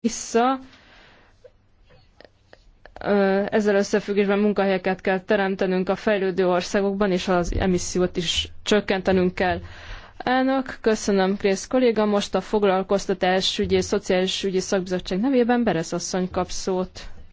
vissza. Ezzel összefüggésben munkahelyeket kell teremtenünk a fejlődő országokban, és az emissziót is csökkentenünk kell. Elnök, köszönöm Krész kolléga, most a foglalkoztatás ügyi, szociális ügyi szakbizottság nevében Beresz asszony kap szót.